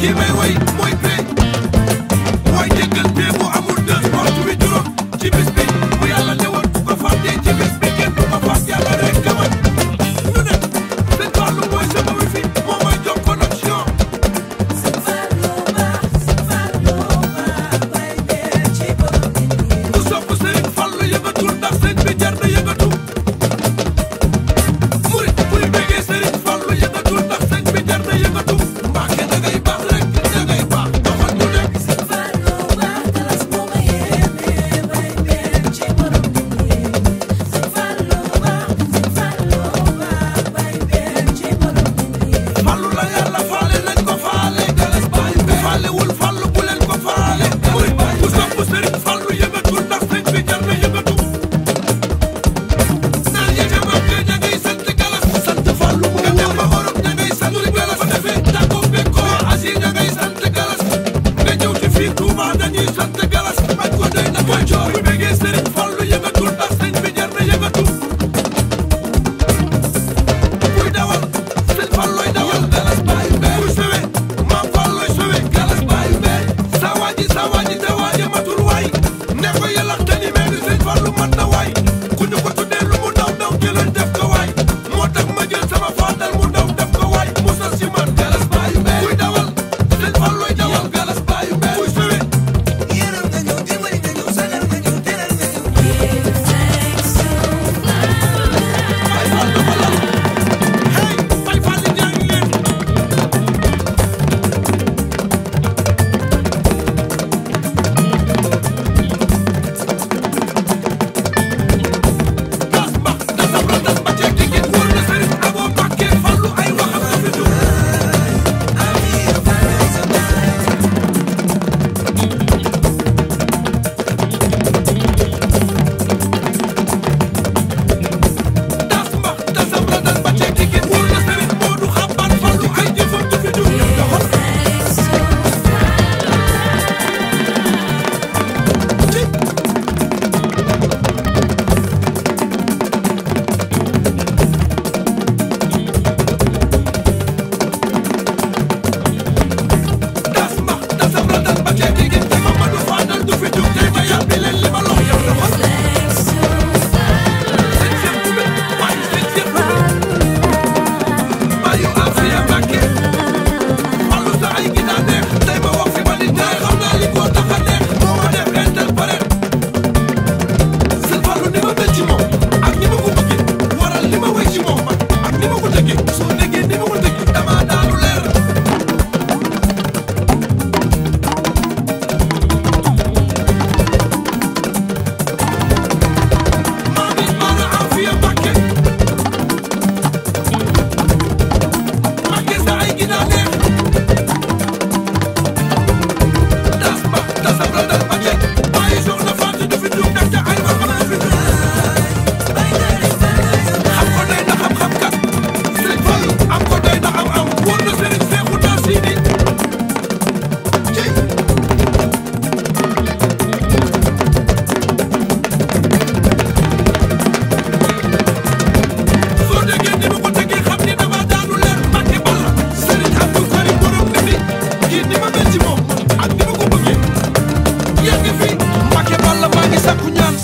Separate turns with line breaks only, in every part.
Give me wait, wait.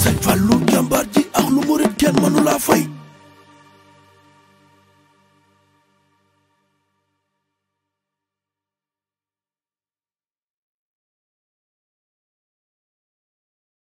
sëñ Fallou
jàmbaar ji ak lu murit kenn mënu laa fay